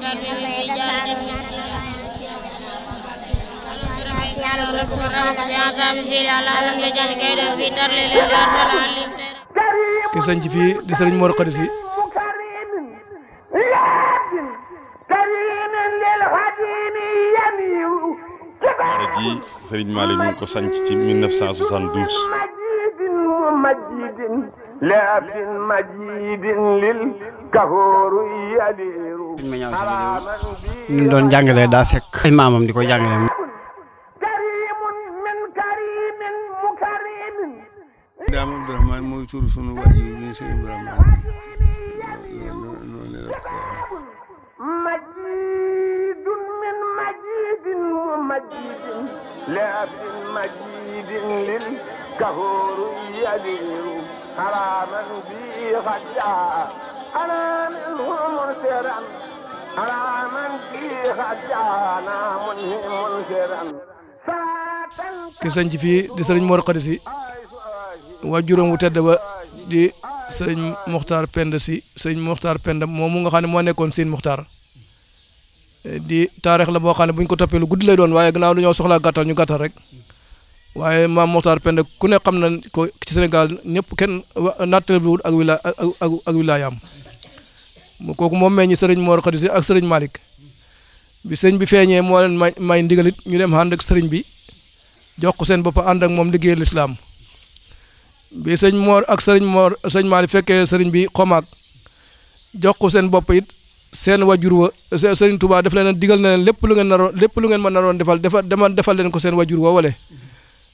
ki sanc fii di sëriñ Mor Khady Sy daara ji sëriñ Malick mu ngi ko sanc ci 1972 majidin lafin majidin lil kahoru yali suñu meññaaw si ñu doon jàngalee daa fekk. ay maamam di ko jàngalee. min majidin lil kahooru yadiru haraman bi xajja ana minhu mursiran على من fi di serigne Mor khadisi si wu tedd ba di serigne Muxtaar pende si serigne pendam, pende momu nga xam mo nekkon serigne di taarix la bo xam buñ ko topé lu gudd lay doon waye gnaaw dañu soxla gattal ñu gattal rek waye ma Muxtaar pende ku ne xamna ko ci ken natel bi wul ak wila ak kooku moom meññi sëriñ Mor Khady Sy ak sëriñ Malick bi sëriñ bi feeñee moo leen may may ndigalit ñu dem ànd ak sëriñ bi jox seen bopp ànd ak moom liggéeyal lislaam bi sëñ moor ak sëriñ moor sëñ Malick fekkee sëriñ bi xomaag jox ko seen bopp it seen wajur wa sëriñ Touba daf leen digal na leen lépp lu ngeen naroon lépp lu ngeen ma naroon defal defal dama defal leen ko seen wajur wa wale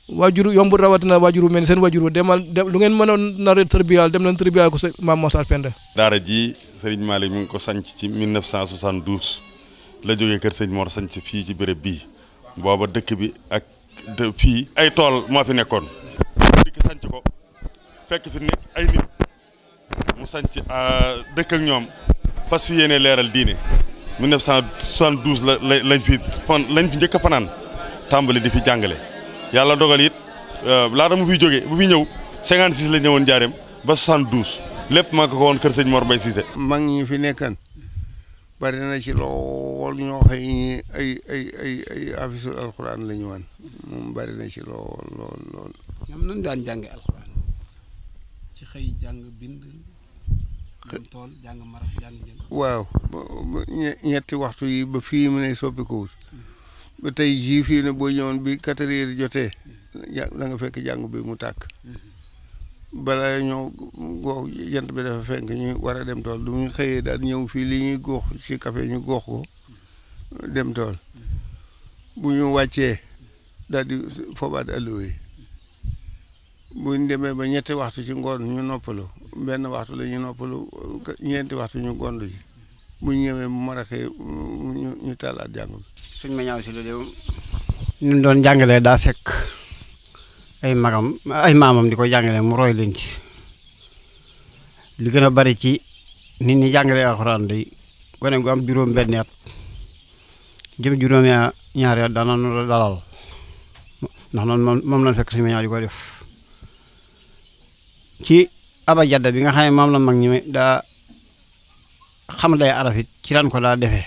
waajur yombul rawatina waajur mel ni seen waajur demal dem lu ngeen mënoon nar a tërbiyaal dem leen tërbiyaal ko sa maam Mor Sarr Penda. daara ji Serigne Malick mi ngi ko sanc ci 1972 la jógee kër Serigne moo sanc fii ci béréb bii booba dëkk bi ak de fii ay tool moo fi nekkoon. dikk sanc ko fekk fi nekk ay nit mu sanc ah, dëkk ak ñoom fas fi yéene leeral diine 1972 la lañ fi fan lañ fi njëkk a fanaan tàmbali di fi jàngale. yàlla dogal it euh, laata mu fiy jóge bu fi ñëw 56 la ñëwoon jaareem ba 72 lépp maa ko ko woon kër sëñ Mor Mbaye Cissé. mag ñi fi nekkan bari na ci lool ñoo xëy ñi ay ay ay alxuraan la ñu wan moom bari na ci lool lool lool. ñoom nañ daan jànge alxuraan ci xëy jàng bind. jàng waaw ñetti waxtu yi ba fii mu ne soppi ko ba tey jii fii ne boo ñëwoon bi quatre heures jotee da fekk jàngu bi mu tàkk bala ñoo goox jant bi dafa fenk ñu war a dem tool du xëyee daal ñëw fii li ñuy góox ci café ñu góox ko dem tool bu ñu wàccee daal di fobaat bu ñu demee ba ñetti waxtu ci ngoon ñu noppalu benn waxtu la ñu noppalu ñeenti waxtu ñu gondu ji bu ñëwé mu xé ñu ñu tàllaat jàng bi suñ ma ñaw ci lu dem ñu doon jàngalee da fekk ay magam ay mamam di ko mu roy leen ci li gëna bari ci nit ñi jàngalee alquran day gone gu am juroom benn at jëm ya ñaar ya daana nu la dalal ndax non mom lañ fekk suñu ñaw diko di def ci aba jadda bi nga xamé ne la mag ñi da xam lay araf it ci lan ko daa defee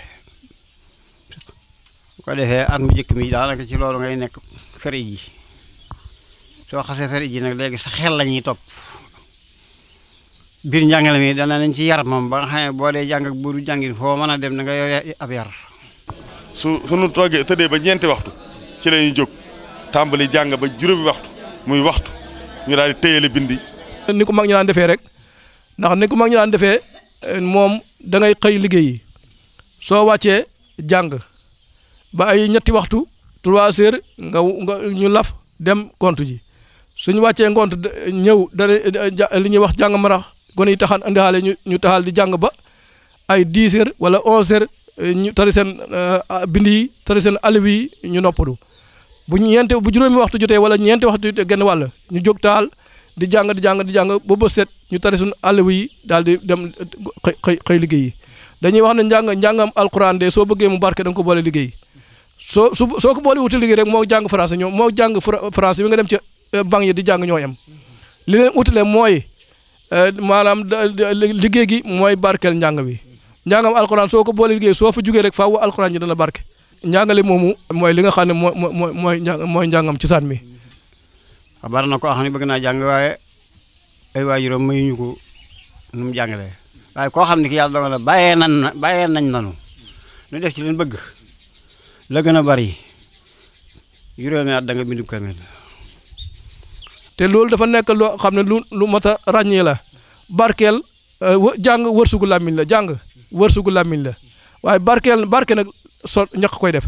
bu ko defee at mu njëkk mi daanaka ci loolu ngay nekk feri ji soo xasee feri ji nag léegi sa xel la ñuy topp biir njàngale mi dana nañ ci yar moom ba nga xam ne boo dee jàng ak buuru jàngin foo mën a dem da nga yore ab yar. su sunu toogee tëddee ba ñeenti waxtu ci la ñuy jóg tàmbali jàng ba juróomi waxtu muy waxtu ñu daal di téyele bindi. ni ko mag ñu daan defee rek ndax ni ko mag ñu daan defee moom. da ngay xëy liggéey soo wàccee jàng ba ay ñetti waxtu trois heures nga nga ñu laf dem compte ji suñu wàccee ngont ñëw dana li ñuy wax jàng mara gone yi taxaan indiwaale ñu ñu taxaal di jàng ba ay dix heures wala onze heures ñu tari seen euh, bind yi tari seen aliwi yi ñu noppalu bu ñeenti bu juróomi waxtu jotee wala ñeenti waxtu jotee genn ñu jóg taal. di jàng di jàng di jàng ba bës set ñu tari suñu àll yi daal di dem xëy xëy xëy liggéey dañuy wax ne njàng njàngam alquran de soo bëggee mu barke da ko boole liggéey soo su soo ko boole wuti liggéey rek moo jàng français ñoom moo jàng français bi nga dem ci euh, banque yi di jàng ñoo yem li leen utile mooy euh, maanaam liggéey gi mooy barkeel njàng bi njàngam alquran soo ko boole liggéey soo fa jugee rek faaw alquran ji dana barke njàngale moomu mooy li nga xam ne mooy mooy mooy njàngam ci saan mi xabaar na koo xam ah, ne bëgg naa jàng waaye ay waajuram mayuñu ko nu mu jàngalee waaye koo xam ne ki yàlla dogal na bàyyee nan na bàyyee nañ nanu nu def ci leen bëgg la gën a bari juróomi at da nga bindu kamil te loolu dafa nekk loo xam ne lu lu mat a ràññee la barkeel euh, jàng wërsugu làmmiñ la jàng wërsugu làmmiñ la waaye barkeel barke nag so ñakk koy def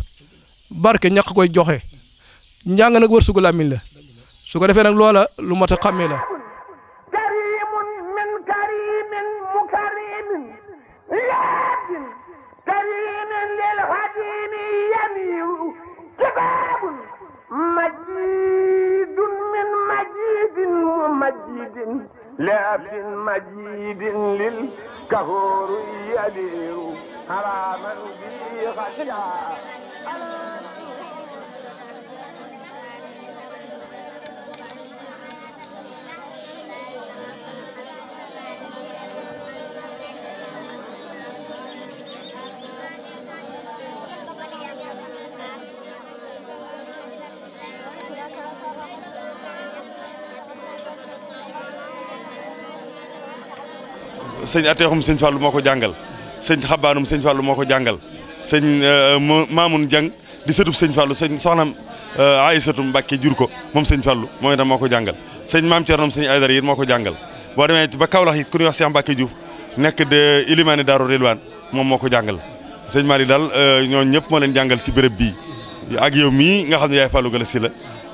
barke ñakk koy joxe njàng nag wërsugu làmmiñ la su ko defee nag loola lu mat a xàmmee la مجيد لا في مجيد للكهور يلير حراما بي غشا sëñ ateexum sëñ Fallou moo ko jàngal sëñ xabaanum sëñ Fallou moo ko jàngal sëñ euh, Mamoun Dieng di sëtub sëñ Fallou sëñ soxnaam euh, Aïssatou Mbacke jur ko moom sëñ Fallou mooy itam moo ko jàngal sëñ maam Thierno sëñ Aydara yit moo ko jàngal boo demee ba Kaolack it ku ñuy wax Cheikh Mbacke Diouf nekk de Ilimani Darou Rilwan moom moo ko jàngal sëñ dal daal euh, ñooñu ñëpp moo leen jàngal ci béréb bii ak yow mii nga xam ne yaay Fallou Galass Sylla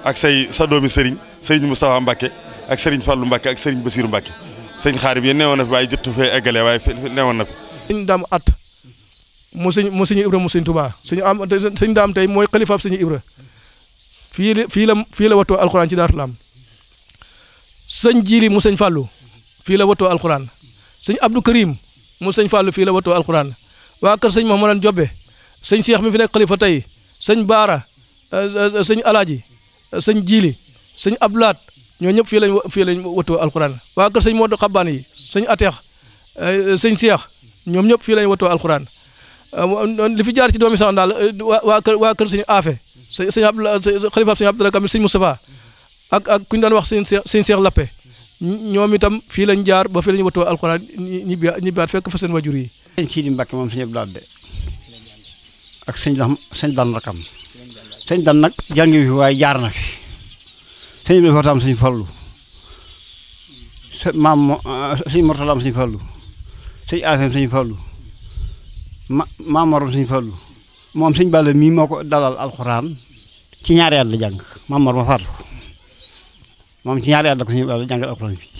ak say sa doomi Serigne Serigne Moustapha Mbacke ak Serigne Fallou Mbacke ak Serigne Bassirou Mbacke sëñ xaarib yi newoon na fi waaye jottu fee eggalee waaye fi newoon na fi sëñ daam at mu sañ mu sëñ ibra mu sëñ tubaa sëñ daam tey mooy xalifaab sëñ ibra fii la fii la fii la watoo alxuraan ci daaru laam sëñ jiili mu sëñ fàllu fii la watoo alxuraan sëñ abdou karim mu sëñ fàllu fii la watoo alxuraan waa kër sëñ mahamadan jobbe sañ seex mi fi nekk xalifa tey sëñ baara euh, euh, sañ alaaji sañ jiili sëñ abdulaat ñoo ñëpp fii lañ fii lañ watoo alxuraan waa kër sëñ Modou Xabaan yi sëñ Ateex sëñ Seex ñoom ñëpp fii lañ watoo alxuraan li fi jaar ci doomi sax daal eh, waa kër waa kër sëñ Afe sëñ Abdoulaye xalifa sëñ Kam sëñ Moustapha ak ak ku ñu daan wax sëñ Seex sëñ Seex Lappe ñoom itam fii lañ jaar ba lañ watoo alxuraan ñibbi ñibbiwaat fekk fa seen wajur yi. sëñ Sidi Mbacke moom sëñ Abdoulaye de ak sëñ Dame sëñ nag waaye jaar na sëñ bi fatam sëñ fallu maam sëñ mortalaam sëñ fallu sëñ afem sëñ fallu ma ma morom sëñ fallu mom sëñ balle mi moko dalal alquran ci ñaar yalla jang ma maam ma faatu mom ci ñaar yalla ko sëñ bàlla jàngal alxuraan fii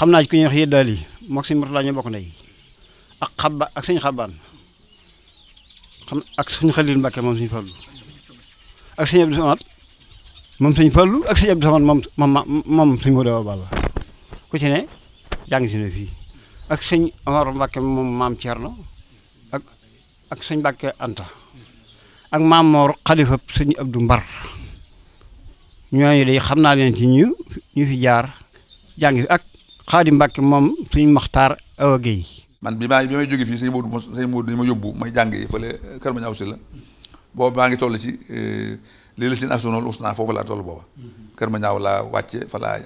xam ci ku ñuy wax yeddaal yi mook sëñ ñu bok bokk ak xaba ak sëñ xabaan xam ak sëñ xalil mbake mom sëñ fallu ak sëñ abdou moom sëñ Fallu ak sëñ Abdou Samad moom moom moom sëñ Modou Awa Balla ku ci ne jàng si na fii ak sëñ Omar Mbàkke moom maam Thierno na ak sëñ Mbàkke Anta ak maam Mor xalifa sëñ Abdou Mbar ñooñu day xam naa leen ci ñu ñu fi jaar jàngi fi ak Xaadim Mbàkke moom suñu Maxtaar Awa Guèye man bi maa bi may jóge fii sëñ Modou sëñ Modou ni ma yóbbu may jàng yi fële Kër Mañaaw si la booba maa ngi toll ci euh, lii la seen asonol usnaa foofu laa toll booba mhm. kër ma ñaaw laa wàcce fa laa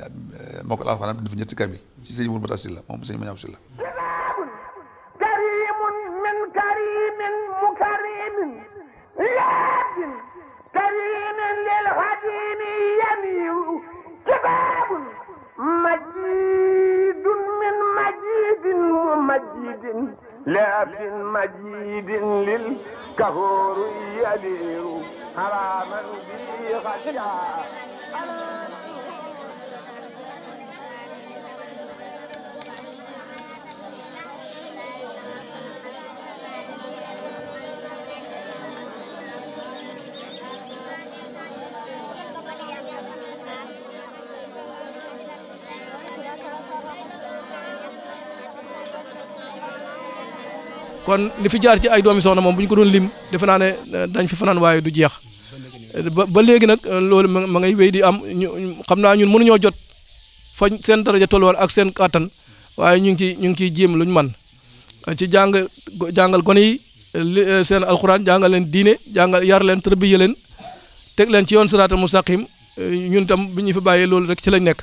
moo ko laa xam ne def ñetti kamil ci sëñ Mourou Mata Sylla moom sëñ ma ñaaw Sylla لكن مجيد للكهور يدير حراما في خشيه kon li fi jaar ci ay doomi soxna moom bu ko doon lim defe ne eh, dañ fi fanaan waaye du jeex ba léegi nag eh, loolu ma ngay wéy di am ñu xam naa ñun mënuñoo jot fañ seen daraja tolluwaat ak seen kàttan waaye ñu ngi ciy ñu ngi ciy jéem lu ñu man ci jàng jàngal gone yi eh, seen alxuraan jàngal leen diine jàngal yar leen tërbiya leen teg leen ci yoon siraatal mustaqim ñun tam bi ñu fi bàyyee loolu rek ci lañ nekk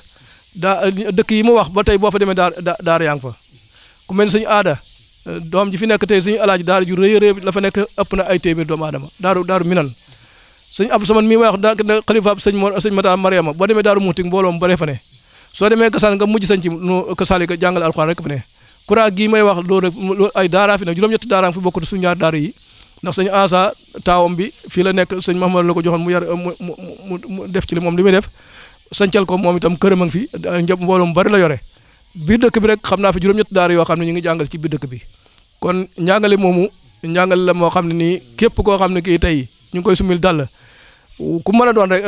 daa dëkk yi mu wax ba tey boo fa demee daar daar yaa fa ku mel ni suñu aada doom ji fi nekk tey suñu alaaji daara ju rëy a rëy la fa nekk ëpp na ay téeméer doomu aadama daaru daaru minan sëñ Abdou Samane mi may wax da xalifa sëñ mo sëñ Mata Mariama boo demee daaru muuti mbooloo mu baree fa ne soo demee kasaan nga mujj sañ ci nu kasaali ka jàngale alxuraan rek fa kuraa gii may wax loolu rek ay daaraa fi ne juróom-ñetti daaraam fi bokkut suñu ñaar daara yi ndax sëñ Asa taawam bi fii la nekk sëñ Mahamad la ko joxoon mu yar mu mu def ci li moom li muy def sancal ko moom itam këram a ngi fi njab mbooloo yore biir dëkk bi rek xam naa fi juróom yoo xam ne ñu ngi jàngal ci biir dëkk bi kon njàngale moomu njàngale la moo xam ne nii képp koo xam ne kii tey ñu ngi koy sumil dàll ku mën a doon rek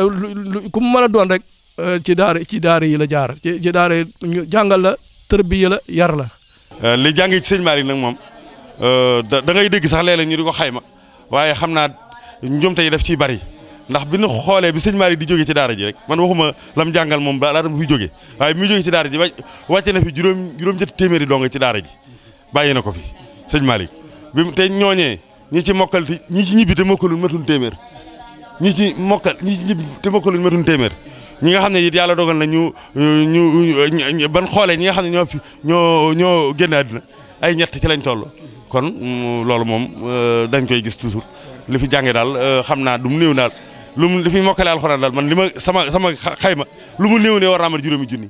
kum mën a doon rek euh, ci daara ci daara yi la jaar ci ci daara yi ñu la tërbiya la yar la. Euh, li jàng ci sëñ Malick nag moom euh, da da ngay dégg sax léeg-léeg di ko xayma waaye xam naa ñoom tey daf ci bari ndax bi ñu xoolee bi sëñ Malick di jóge ci daara ji rek man waxuma lam jàngal moom ba laata mu fi jóge waaye bi mu jóge ci daara ji wàcce na fi juróom juróom-ñetti téeméeri dong ci daara ji bàyyi na ko fi. sëñ Malick bi mu te ñooñee ñi ci mokkal te ñi ci ñibbi te mokkaluñ matun téeméer ñi ci mokkal ñi ci téeméer ñi nga xam ne yit yàlla dogal na ñu ñu ban xoolee ñi nga xam ne ñoo fi ñoo ñoo génn ay ñett ci lañ toll kon mm, loolu moom euh, dañ koy gis toujours li fi jànge daal euh, xam naa du mu néew daal lu mu li fi mokkale alxuraan daal man li ma sama sama xayma lu mu néew ne war naa mën juróomi junni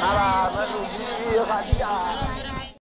阿拉，真主，阿底亚。